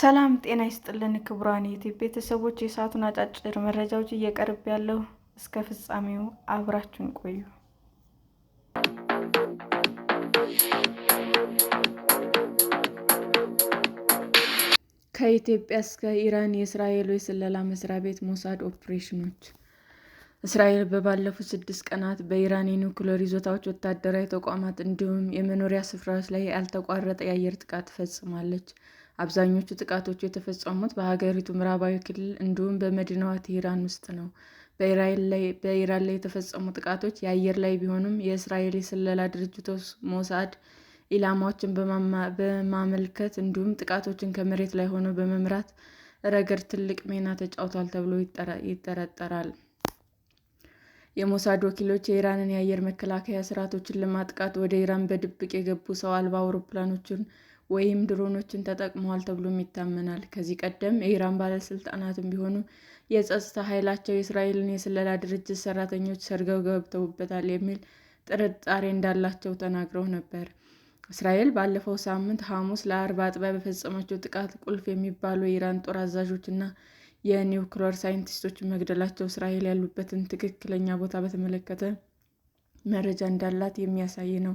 ሰላም ጤና ይስጥልን ክቡራን ዩቲዩብ ቤተሰቦች፣ የሰዓቱን አጫጭር መረጃዎች እየቀርብ ያለው እስከ ፍጻሜው አብራችሁን ቆዩ። ከኢትዮጵያ እስከ ኢራን የእስራኤሉ የስለላ መስሪያ ቤት ሞሳድ ኦፕሬሽኖች። እስራኤል በባለፉት ስድስት ቀናት በኢራን የኒውክሌር ይዞታዎች፣ ወታደራዊ ተቋማት እንዲሁም የመኖሪያ ስፍራዎች ላይ ያልተቋረጠ የአየር ጥቃት ፈጽማለች። አብዛኞቹ ጥቃቶች የተፈጸሙት በሀገሪቱ ምዕራባዊ ክልል እንዲሁም በመዲናዋ ቴህራን ውስጥ ነው። በኢራን ላይ የተፈጸሙ ጥቃቶች የአየር ላይ ቢሆኑም የእስራኤል የስለላ ድርጅቶች ሞሳድ ኢላማዎችን በማመልከት እንዲሁም ጥቃቶችን ከመሬት ላይ ሆኖ በመምራት ረገድ ትልቅ ሚና ተጫውቷል ተብሎ ይጠረጠራል። የሞሳድ ወኪሎች የኢራንን የአየር መከላከያ ስርዓቶችን ለማጥቃት ወደ ኢራን በድብቅ የገቡ ሰው አልባ አውሮፕላኖችን ወይም ድሮኖችን ተጠቅመዋል ተብሎም ይታመናል። ከዚህ ቀደም የኢራን ባለስልጣናትም ቢሆኑ የጸጥታ ኃይላቸው የእስራኤልን የስለላ ድርጅት ሰራተኞች ሰርገው ገብተውበታል የሚል ጥርጣሬ እንዳላቸው ተናግረው ነበር። እስራኤል ባለፈው ሳምንት ሐሙስ ለአርብ አጥቢያ በፈጸመችው ጥቃት ቁልፍ የሚባሉ የኢራን ጦር አዛዦችና የኒውክለር ሳይንቲስቶች መግደላቸው እስራኤል ያሉበትን ትክክለኛ ቦታ በተመለከተ መረጃ እንዳላት የሚያሳይ ነው።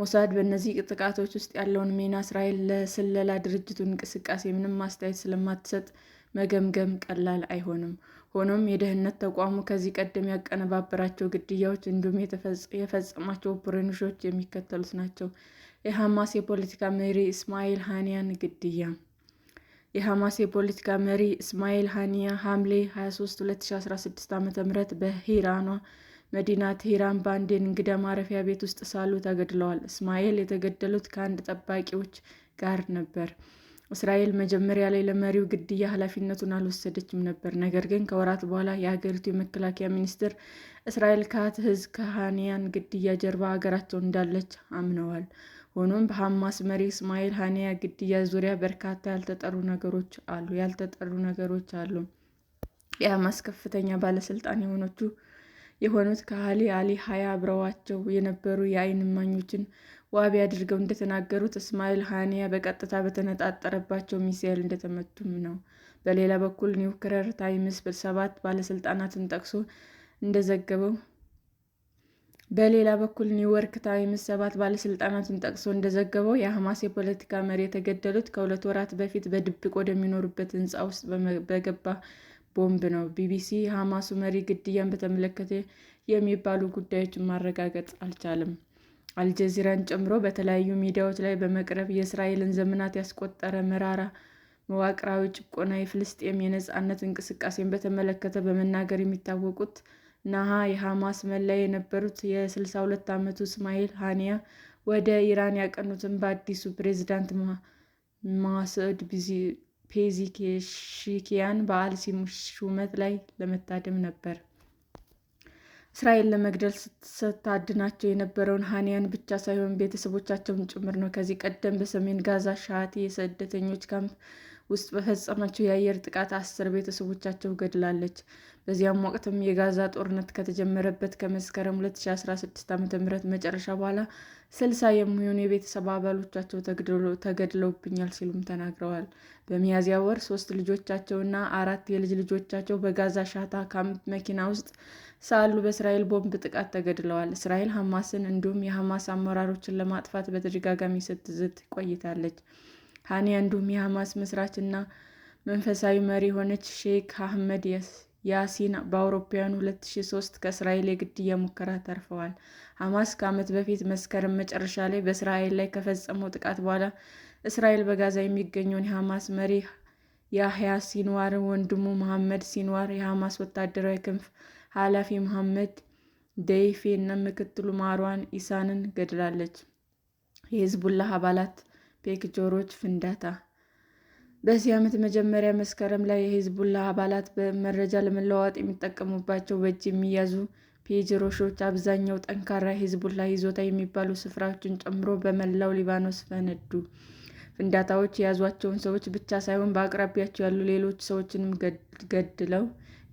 ሞሳድ በእነዚህ ጥቃቶች ውስጥ ያለውን ሚና እስራኤል ለስለላ ድርጅቱ እንቅስቃሴ ምንም አስተያየት ስለማትሰጥ መገምገም ቀላል አይሆንም። ሆኖም የደህንነት ተቋሙ ከዚህ ቀደም ያቀነባበራቸው ግድያዎች እንዲሁም የፈጸማቸው ኦፕሬሽኖች የሚከተሉት ናቸው። የሐማስ የፖለቲካ መሪ እስማኤል ሃኒያን ግድያ የሐማስ የፖለቲካ መሪ እስማኤል ሃኒያ ሐምሌ 23 2016 ዓ.ም በሂራኗ መዲና ቴህራን በአንድ እንግዳ ማረፊያ ቤት ውስጥ ሳሉ ተገድለዋል። እስማኤል የተገደሉት ከአንድ ጠባቂዎች ጋር ነበር። እስራኤል መጀመሪያ ላይ ለመሪው ግድያ ኃላፊነቱን አልወሰደችም ነበር። ነገር ግን ከወራት በኋላ የሀገሪቱ የመከላከያ ሚኒስትር እስራኤል ህዝብ ከሃንያን ግድያ ጀርባ ሀገራቸው እንዳለች አምነዋል። ሆኖም በሐማስ መሪ እስማኤል ሃንያ ግድያ ዙሪያ በርካታ ያልተጠሩ ነገሮች አሉ ያልተጠሩ ነገሮች አሉ። የሐማስ ከፍተኛ ባለስልጣን የሆነችው የሆኑት ካህሊ አሊ ሀያ አብረዋቸው የነበሩ የአይን እማኞችን ዋቢ አድርገው እንደተናገሩት እስማኤል ሃኒያ በቀጥታ በተነጣጠረባቸው ሚሳኤል እንደተመቱም ነው። በሌላ በኩል ኒውክለር ታይምስ ሰባት ባለስልጣናትን ጠቅሶ እንደዘገበው በሌላ በኩል ኒውዮርክ ታይምስ ሰባት ባለስልጣናትን ጠቅሶ እንደዘገበው የሐማስ የፖለቲካ መሪ የተገደሉት ከሁለት ወራት በፊት በድብቅ ወደሚኖሩበት ሕንፃ ውስጥ በገባ ቦምብ ነው። ቢቢሲ የሐማሱ መሪ ግድያን በተመለከተ የሚባሉ ጉዳዮችን ማረጋገጥ አልቻለም። አልጀዚራን ጨምሮ በተለያዩ ሚዲያዎች ላይ በመቅረብ የእስራኤልን ዘመናት ያስቆጠረ መራራ መዋቅራዊ ጭቆና፣ የፍልስጤም የነፃነት እንቅስቃሴን በተመለከተ በመናገር የሚታወቁት ናሃ የሐማስ መለያ የነበሩት የ62 ዓመቱ እስማኤል ሃኒያ ወደ ኢራን ያቀኑትን በአዲሱ ፕሬዝዳንት ማስዑድ ፔዚሺኪያን በዓል ሹመት ላይ ለመታደም ነበር። እስራኤል ለመግደል ስታድናቸው የነበረውን ሃኒያን ብቻ ሳይሆን ቤተሰቦቻቸውን ጭምር ነው። ከዚህ ቀደም በሰሜን ጋዛ ሻቲ የስደተኞች ካምፕ ውስጥ በፈጸመችው የአየር ጥቃት አስር ቤተሰቦቻቸው ገድላለች። በዚያም ወቅትም የጋዛ ጦርነት ከተጀመረበት ከመስከረም 2016 ዓ.ም መጨረሻ በኋላ ስልሳ የሚሆኑ የቤተሰብ አባሎቻቸው ተገድለውብኛል ሲሉም ተናግረዋል። በሚያዝያ ወር ሶስት ልጆቻቸውና አራት የልጅ ልጆቻቸው በጋዛ ሻታ ካምፕ መኪና ውስጥ ሳሉ በእስራኤል ቦምብ ጥቃት ተገድለዋል። እስራኤል ሐማስን እንዲሁም የሐማስ አመራሮችን ለማጥፋት በተደጋጋሚ ስትዝት ቆይታለች። ሃኒያ እንዲሁም የሐማስ መስራች እና መንፈሳዊ መሪ የሆነች ሼክ አህመድ ያሲን በአውሮፓውያኑ 2003 ከእስራኤል የግድያ ሙከራ ተርፈዋል። ሐማስ ከዓመት በፊት መስከረም መጨረሻ ላይ በእስራኤል ላይ ከፈጸመው ጥቃት በኋላ እስራኤል በጋዛ የሚገኘውን የሐማስ መሪ ያህያ ሲንዋር ወንድሙ መሐመድ ሲንዋር፣ የሐማስ ወታደራዊ ክንፍ ኃላፊ መሐመድ ደይፌ እና ምክትሉ ማርዋን ኢሳንን ገድላለች። የሂዝቡላህ አባላት ፔክጆሮች ፍንዳታ በዚህ ዓመት መጀመሪያ መስከረም ላይ የሂዝቡላ አባላት በመረጃ ለመለዋወጥ የሚጠቀሙባቸው በእጅ የሚያዙ ፔጅሮሾች አብዛኛው ጠንካራ ሂዝቡላ ይዞታ የሚባሉ ስፍራዎችን ጨምሮ በመላው ሊባኖስ ፈነዱ። ፍንዳታዎች የያዟቸውን ሰዎች ብቻ ሳይሆን በአቅራቢያቸው ያሉ ሌሎች ሰዎችንም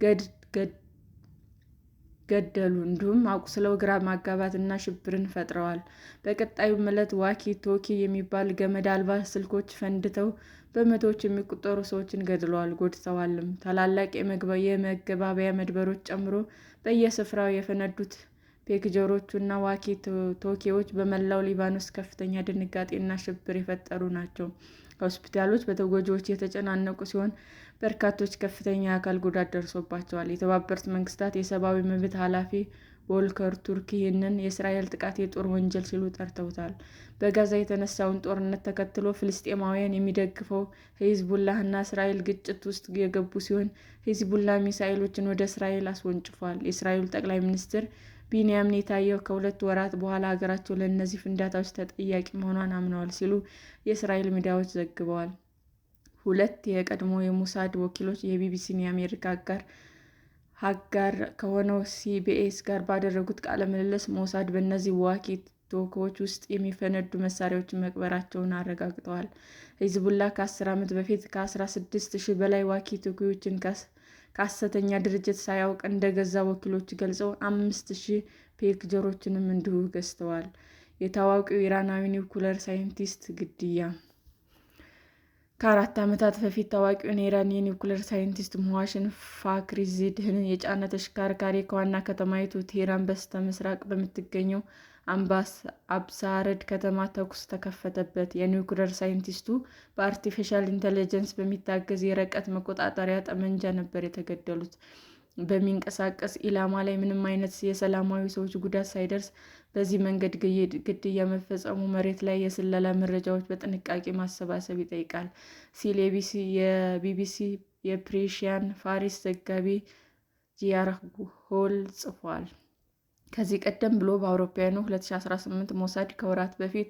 ገድ ገደሉ። እንዲሁም አቁስለው ግራ ማጋባት እና ሽብርን ፈጥረዋል። በቀጣዩም ዕለት ዋኪ ቶኪ የሚባል ገመድ አልባ ስልኮች ፈንድተው በመቶዎች የሚቆጠሩ ሰዎችን ገድለዋል፣ ጎድተዋልም። ታላላቅ የመገባበያ መድበሮች ጨምሮ በየስፍራው የፈነዱት ፔክጀሮቹ እና ዋኪ ቶኪዎች በመላው ሊባኖስ ከፍተኛ እና ሽብር የፈጠሩ ናቸው። ሆስፒታሎች በተጎጂዎች የተጨናነቁ ሲሆን በርካቶች ከፍተኛ የአካል ጉዳት ደርሶባቸዋል። የተባበሩት መንግስታት የሰብአዊ መብት ኃላፊ ቮልከር ቱርክ ይህንን የእስራኤል ጥቃት የጦር ወንጀል ሲሉ ጠርተውታል። በጋዛ የተነሳውን ጦርነት ተከትሎ ፍልስጤማውያን የሚደግፈው ሂዝቡላህና እስራኤል ግጭት ውስጥ የገቡ ሲሆን ሂዝቡላህ ሚሳኤሎችን ወደ እስራኤል አስወንጭፏል። የእስራኤሉ ጠቅላይ ሚኒስትር ቢንያሚን ኔታንያሁ ከሁለት ወራት በኋላ ሀገራቸው ለእነዚህ ፍንዳታዎች ተጠያቂ መሆኗን አምነዋል ሲሉ የእስራኤል ሚዲያዎች ዘግበዋል። ሁለት የቀድሞ የሙሳድ ወኪሎች የቢቢሲን የአሜሪካ አጋር ከሆነው ሲቢኤስ ጋር ባደረጉት ቃለ ምልልስ ሞሳድ በእነዚህ ዋኪ ቶኪዎች ውስጥ የሚፈነዱ መሳሪያዎችን መቅበራቸውን አረጋግጠዋል። ሂዝቡላህ ከአስር ዓመት በፊት ከ ስድስት ሺህ በላይ ዋኪ ቶኪዎችን ከሐሰተኛ ድርጅት ሳያውቅ እንደገዛ ወኪሎች ገልጸው አምስት ሺህ ፔክጀሮችንም እንዲሁ ገዝተዋል። የታዋቂው ኢራናዊ ኒውክለር ሳይንቲስት ግድያ ከአራት ዓመታት በፊት ታዋቂውን የኢራን የኒውክሌር ሳይንቲስት ሙሐሲን ፋክሪዛዴህን የጫነ ተሽከርካሪ ከዋና ከተማይቱ ቴህራን በስተ ምስራቅ በምትገኘው አብሳርድ ከተማ ተኩስ ተከፈተበት። የኒውክሌር ሳይንቲስቱ በአርቲፊሻል ኢንተለጀንስ በሚታገዝ የርቀት መቆጣጠሪያ ጠመንጃ ነበር የተገደሉት። በሚንቀሳቀስ ኢላማ ላይ ምንም አይነት የሰላማዊ ሰዎች ጉዳት ሳይደርስ በዚህ መንገድ ግድያ መፈጸሙ መሬት ላይ የስለላ መረጃዎች በጥንቃቄ ማሰባሰብ ይጠይቃል ሲል የቢቢሲ የፕሬሺያን ፋሪስ ዘጋቢ ጂያርሆል ጽፏል። ከዚህ ቀደም ብሎ በአውሮፓውያኑ 2018 ሞሳድ ከወራት በፊት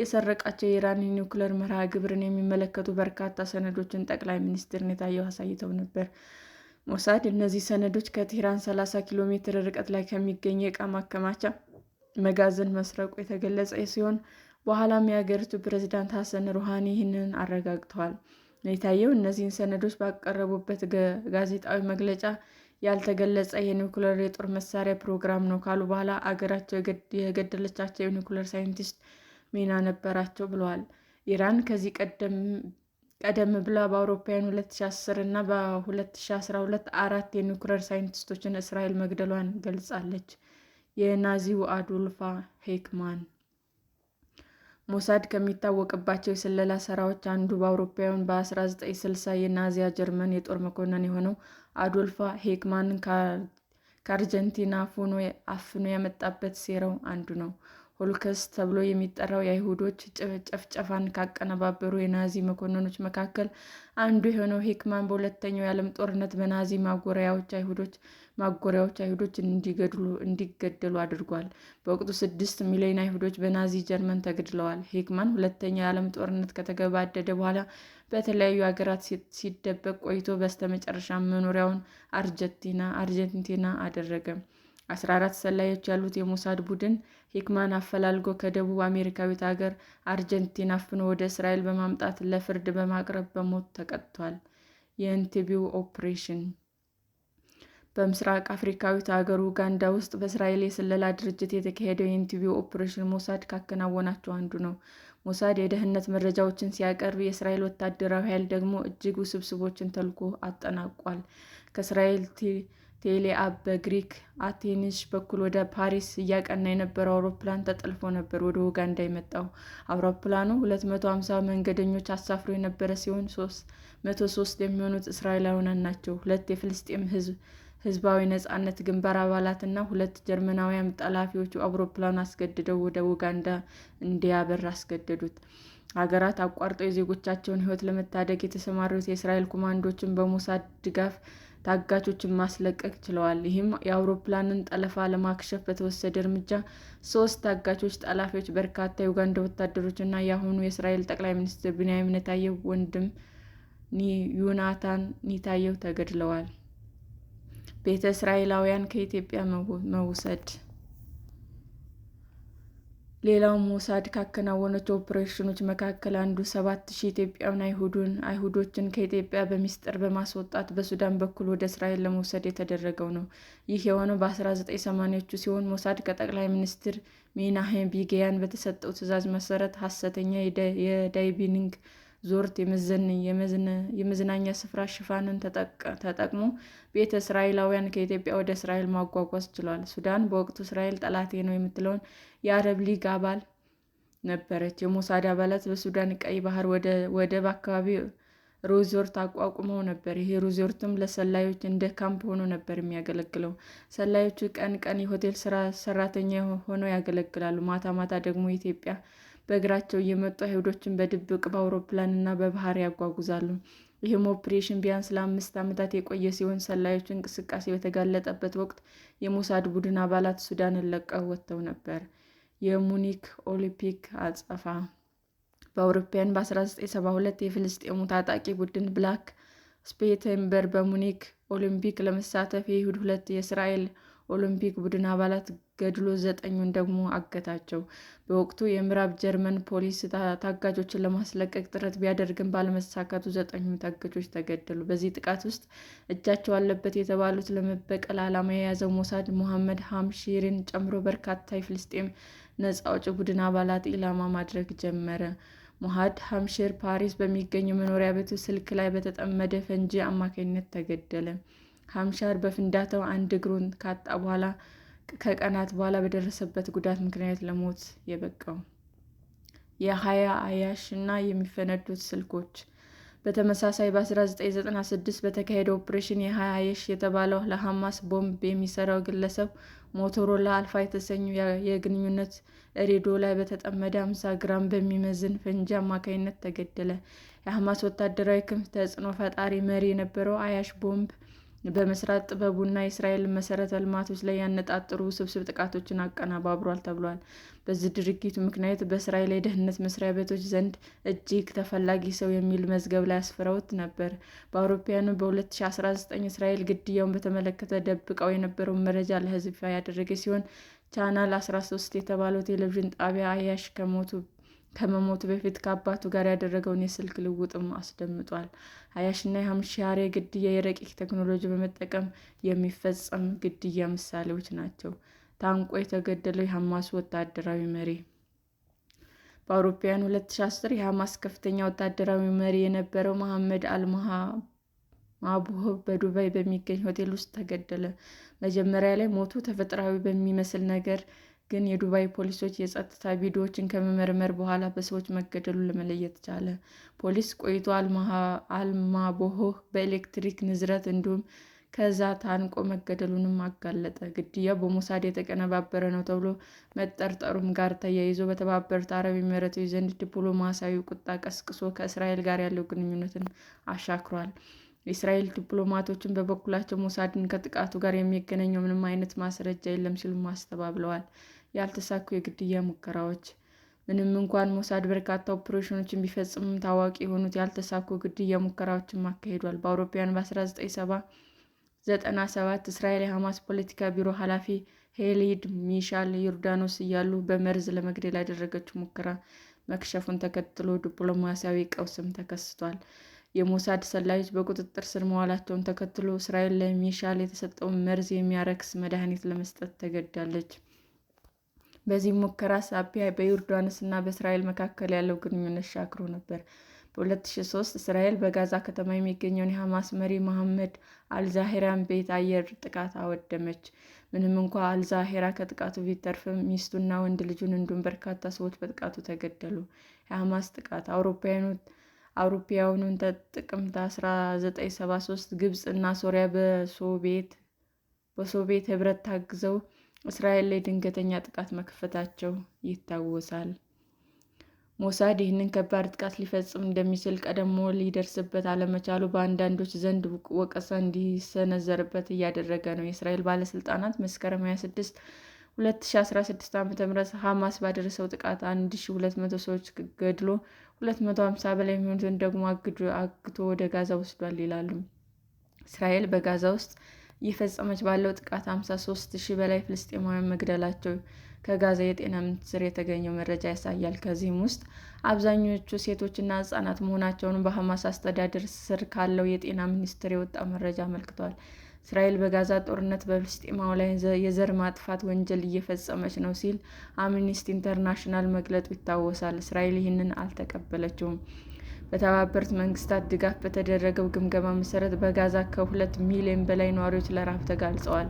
የሰረቃቸው የኢራን ኒውክለር መርሃ ግብርን የሚመለከቱ በርካታ ሰነዶችን ጠቅላይ ሚኒስትር ኔታንያሁ አሳይተው ነበር። ሞሳድ እነዚህ ሰነዶች ከቴህራን 30 ኪሎ ሜትር ርቀት ላይ ከሚገኝ የዕቃ ማከማቻ መጋዘን መስረቁ የተገለጸ ሲሆን በኋላም የአገሪቱ ፕሬዚዳንት ሐሰን ሩሃኒ ይህንን አረጋግጠዋል። የታየው እነዚህን ሰነዶች ባቀረቡበት ጋዜጣዊ መግለጫ ያልተገለጸ የኒውክሌር የጦር መሳሪያ ፕሮግራም ነው ካሉ በኋላ አገራቸው የገደለቻቸው የኒውክሌር ሳይንቲስት ሚና ነበራቸው ብለዋል። ኢራን ከዚህ ቀደም ቀደም ብላ በአውሮፓውያን 2010 እና በ2012 አራት የኒውክሌር ሳይንቲስቶችን እስራኤል መግደሏን ገልጻለች። የናዚው አዶልፋ ሄክማን ሞሳድ ከሚታወቅባቸው የስለላ ሥራዎች አንዱ በአውሮፓውያን በ1960 የናዚያ ጀርመን የጦር መኮንን የሆነው አዶልፋ ሄክማን ከአርጀንቲና አፍኖ ያመጣበት ሴራው አንዱ ነው። ሆልከስ ተብሎ የሚጠራው የአይሁዶች ጭፍጨፋን ካቀነባበሩ የናዚ መኮንኖች መካከል አንዱ የሆነው ሂክማን በሁለተኛው የዓለም ጦርነት በናዚ ማጎሪያዎች አይሁዶች ማጎሪያዎች አይሁዶች እንዲገደሉ አድርጓል። በወቅቱ ስድስት ሚሊዮን አይሁዶች በናዚ ጀርመን ተገድለዋል። ሂክማን ሁለተኛው የዓለም ጦርነት ከተገባደደ በኋላ በተለያዩ ሀገራት ሲደበቅ ቆይቶ በስተመጨረሻ መኖሪያውን አርጀንቲና አርጀንቲና አደረገ። አስራ ሰላዮች ያሉት የሞሳድ ቡድን ሂክማን አፈላልጎ ከደቡብ አሜሪካዊት አገር አርጀንቲና አፍኖ ወደ እስራኤል በማምጣት ለፍርድ በማቅረብ በሞት ተቀጥቷል። የኤንቴቤው ኦፕሬሽን በምስራቅ አፍሪካዊት አገር ኡጋንዳ ውስጥ በእስራኤል የስለላ ድርጅት የተካሄደው የኤንቴቤው ኦፕሬሽን ሞሳድ ካከናወናቸው አንዱ ነው። ሞሳድ የደህንነት መረጃዎችን ሲያቀርብ፣ የእስራኤል ወታደራዊ ኃይል ደግሞ እጅግ ውስብስቦችን ተልዕኮ አጠናቋል። ከእስራኤል ቴሌ አብ በግሪክ አቴንስ በኩል ወደ ፓሪስ እያቀና የነበረው አውሮፕላን ተጠልፎ ነበር ወደ ኡጋንዳ የመጣው። አውሮፕላኑ 250 መንገደኞች አሳፍሮ የነበረ ሲሆን 103 የሚሆኑት እስራኤላውያን ናቸው። ሁለት የፍልስጤም ሕዝባዊ ነፃነት ግንባር አባላት እና ሁለት ጀርመናውያን ጠላፊዎቹ አውሮፕላኑ አስገድደው ወደ ኡጋንዳ እንዲያበር አስገደዱት። ሀገራት አቋርጠው የዜጎቻቸውን ሕይወት ለመታደግ የተሰማሩት የእስራኤል ኮማንዶዎችን በሞሳድ ድጋፍ ታጋቾችን ማስለቀቅ ችለዋል። ይህም የአውሮፕላንን ጠለፋ ለማክሸፍ በተወሰደ እርምጃ ሶስት ታጋቾች ጠላፊዎች በርካታ የኡጋንዳ ወታደሮች እና የአሁኑ የእስራኤል ጠቅላይ ሚኒስትር ቢንያሚን ኔታንያሁ ወንድም ዮናታን ኔታንያሁ ተገድለዋል። ቤተ እስራኤላውያን ከኢትዮጵያ መውሰድ። ሌላው ሞሳድ ካከናወነች ኦፕሬሽኖች መካከል አንዱ ሰባት ሺህ አይሁዱን አይሁዶችን ከኢትዮጵያ በምስጢር በማስወጣት በሱዳን በኩል ወደ እስራኤል ለመውሰድ የተደረገው ነው። ይህ የሆነው በ1980ዎቹ ሲሆን ሞሳድ ከጠቅላይ ሚኒስትር ሜናhem ቢግያን በተሰጠው ትዕዛዝ መሰረት ሀሰተኛ የዳይቢንግ ዞርት የመዝናኛ ስፍራ ሽፋንን ተጠቅሞ ቤተ እስራኤላውያን ከኢትዮጵያ ወደ እስራኤል ማጓጓዝ ችሏል። ሱዳን በወቅቱ እስራኤል ጠላቴ ነው የምትለውን የአረብ ሊግ አባል ነበረች። የሞሳድ አባላት በሱዳን ቀይ ባህር ወደብ አካባቢ ሪዞርት አቋቁመው ነበር። ይሄ ሪዞርትም ለሰላዮች እንደ ካምፕ ሆኖ ነበር የሚያገለግለው። ሰላዮቹ ቀን ቀን የሆቴል ሰራተኛ ሆነው ያገለግላሉ፣ ማታ ማታ ደግሞ የኢትዮጵያ በእግራቸው እየመጡ አይሁዶችን በድብቅ በአውሮፕላንና በባህር ያጓጉዛሉ። ይህም ኦፕሬሽን ቢያንስ ለአምስት ዓመታት የቆየ ሲሆን ሰላዮቹ እንቅስቃሴ በተጋለጠበት ወቅት የሞሳድ ቡድን አባላት ሱዳንን ለቀው ወጥተው ነበር። የሙኒክ ኦሊምፒክ አጸፋ በአውሮፓውያን በ1972 የፍልስጤሙ ታጣቂ ቡድን ብላክ ስፔተንበር በሙኒክ ኦሊምፒክ ለመሳተፍ የይሁድ ሁለት የእስራኤል ኦሎምፒክ ቡድን አባላት ገድሎ ዘጠኙን ደግሞ አገታቸው። በወቅቱ የምዕራብ ጀርመን ፖሊስ ታጋቾችን ለማስለቀቅ ጥረት ቢያደርግም ባለመሳካቱ ዘጠኙ ታጋቾች ተገደሉ። በዚህ ጥቃት ውስጥ እጃቸው አለበት የተባሉት ለመበቀል ዓላማ የያዘው ሞሳድ ሞሐመድ ሃምሺርን ጨምሮ በርካታ የፍልስጤም ነፃ አውጪ ቡድን አባላት ኢላማ ማድረግ ጀመረ። ሞሐድ ሃምሽር ፓሪስ በሚገኘው መኖሪያ ቤቱ ስልክ ላይ በተጠመደ ፈንጂ አማካኝነት ተገደለ። ሀምሻር በፍንዳታው አንድ እግሩን ካጣ በኋላ ከቀናት በኋላ በደረሰበት ጉዳት ምክንያት ለሞት የበቃው። የሀያ አያሽ እና የሚፈነዱት ስልኮች በተመሳሳይ በ1996 በተካሄደ ኦፕሬሽን የሀያ አያሽ የተባለው ለሐማስ ቦምብ የሚሰራው ግለሰብ ሞቶሮላ አልፋ የተሰኙ የግንኙነት ሬዲዮ ላይ በተጠመደ 50 ግራም በሚመዝን ፈንጂ አማካኝነት ተገደለ። የሐማስ ወታደራዊ ክንፍ ተጽዕኖ ፈጣሪ መሪ የነበረው አያሽ ቦምብ በመስራት ጥበቡና የእስራኤል መሠረተ ልማቶች ላይ ያነጣጠሩ ውስብስብ ጥቃቶችን አቀነባብሯል ተብሏል። በዚህ ድርጊቱ ምክንያት በእስራኤል የደህንነት መስሪያ ቤቶች ዘንድ እጅግ ተፈላጊ ሰው የሚል መዝገብ ላይ አስፍረውት ነበር። በአውሮፓውያኑ በ2019 እስራኤል ግድያውን በተመለከተ ደብቀው የነበረውን መረጃ ለሕዝብ ያደረገ ሲሆን ቻናል 13 የተባለው ቴሌቪዥን ጣቢያ አያሽ ከሞቱ ከመሞቱ በፊት ከአባቱ ጋር ያደረገውን የስልክ ልውጥም አስደምጧል። ሀያሽና የሀምሺ ግድያ የረቂቅ ቴክኖሎጂ በመጠቀም የሚፈጸም ግድያ ምሳሌዎች ናቸው። ታንቆ የተገደለው የሐማስ ወታደራዊ መሪ በአውሮፓውያን 2010 የሐማስ ከፍተኛ ወታደራዊ መሪ የነበረው መሐመድ አልማሃ ማቡህብ በዱባይ በሚገኝ ሆቴል ውስጥ ተገደለ። መጀመሪያ ላይ ሞቱ ተፈጥሯዊ በሚመስል ነገር ግን የዱባይ ፖሊሶች የጸጥታ ቪዲዮዎችን ከመመርመር በኋላ በሰዎች መገደሉ ለመለየት ቻለ። ፖሊስ ቆይቶ አልማቦሆ በኤሌክትሪክ ንዝረት እንዲሁም ከዛ ታንቆ መገደሉንም አጋለጠ። ግድያው በሞሳድ የተቀነባበረ ነው ተብሎ መጠርጠሩም ጋር ተያይዞ በተባበሩት አረብ ኤሚሬቶች ዘንድ ዲፕሎማሲያዊ ቁጣ ቀስቅሶ ከእስራኤል ጋር ያለው ግንኙነትን አሻክሯል። የእስራኤል ዲፕሎማቶችን በበኩላቸው ሞሳድን ከጥቃቱ ጋር የሚገናኘው ምንም አይነት ማስረጃ የለም ሲሉም አስተባብለዋል። ያልተሳኩ የግድያ ሙከራዎች። ምንም እንኳን ሞሳድ በርካታ ኦፕሬሽኖችን ቢፈጽምም ታዋቂ የሆኑት ያልተሳኩ ግድያ ሙከራዎችን አካሂዷል። በአውሮፓውያን በ1997 እስራኤል የሐማስ ፖለቲካ ቢሮ ኃላፊ ሄሊድ ሚሻል ዮርዳኖስ እያሉ በመርዝ ለመግደል ያደረገችው ሙከራ መክሸፉን ተከትሎ ዲፕሎማሲያዊ ቀውስም ተከስቷል። የሞሳድ ሰላዮች በቁጥጥር ስር መዋላቸውን ተከትሎ እስራኤል ለሚሻል የተሰጠውን መርዝ የሚያረክስ መድኃኒት ለመስጠት ተገዳለች። በዚህ ሙከራ ሳቢያ እና በእስራኤል መካከል ያለው ግንኙነት ሻክሮ ነበር። በ2003 እስራኤል በጋዛ ከተማ የሚገኘውን የሐማስ መሪ መሐመድ አልዛሄራን ቤት አየር ጥቃት አወደመች። ምንም እንኳ አልዛሄራ ከጥቃቱ ቢተርፍም፣ ሚስቱና ወንድ ልጁን እንዲሁም በርካታ ሰዎች በጥቃቱ ተገደሉ። የሐማስ ጥቃት አውሮፓውያኑን ጥቅምት 1973 ግብጽ እና ሶሪያ በሶቪየት ህብረት ታግዘው እስራኤል ላይ ድንገተኛ ጥቃት መክፈታቸው ይታወሳል። ሞሳድ ይህንን ከባድ ጥቃት ሊፈጽም እንደሚችል ቀደሞ ሊደርስበት አለመቻሉ በአንዳንዶች ዘንድ ወቀሳ እንዲሰነዘርበት እያደረገ ነው። የእስራኤል ባለስልጣናት መስከረም 26 2016 ዓ.ም ሐማስ ባደረሰው ጥቃት 1200 ሰዎች ገድሎ 250 በላይ የሚሆኑትን ደግሞ አግቶ ወደ ጋዛ ወስዷል ይላሉ። እስራኤል በጋዛ ውስጥ እየፈጸመች ባለው ጥቃት 53 ሺህ በላይ ፍልስጤማውያን መግደላቸው ከጋዛ የጤና ሚኒስቴር የተገኘው መረጃ ያሳያል። ከዚህም ውስጥ አብዛኞቹ ሴቶችና ህጻናት መሆናቸውን በሐማስ አስተዳደር ስር ካለው የጤና ሚኒስቴር የወጣው መረጃ አመልክቷል። እስራኤል በጋዛ ጦርነት በፍልስጤማው ላይ የዘር ማጥፋት ወንጀል እየፈጸመች ነው ሲል አምኒስቲ ኢንተርናሽናል መግለጡ ይታወሳል። እስራኤል ይህንን አልተቀበለችውም። በተባበሩት መንግስታት ድጋፍ በተደረገው ግምገማ መሰረት በጋዛ ከሁለት ሚሊዮን በላይ ነዋሪዎች ለረሃብ ተጋልጸዋል።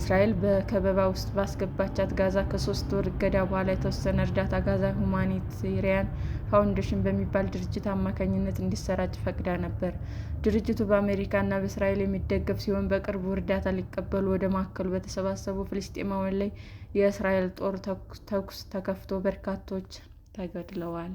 እስራኤል በከበባ ውስጥ ባስገባቻት ጋዛ ከሶስት ወር እገዳ በኋላ የተወሰነ እርዳታ ጋዛ ሁማኒቴሪያን ፋውንዴሽን በሚባል ድርጅት አማካኝነት እንዲሰራጭ ፈቅዳ ነበር። ድርጅቱ በአሜሪካና በእስራኤል የሚደገፍ ሲሆን በቅርቡ እርዳታ ሊቀበሉ ወደ ማዕከሉ በተሰባሰቡ ፍልስጤማውያን ላይ የእስራኤል ጦር ተኩስ ተከፍቶ በርካቶች ተገድለዋል።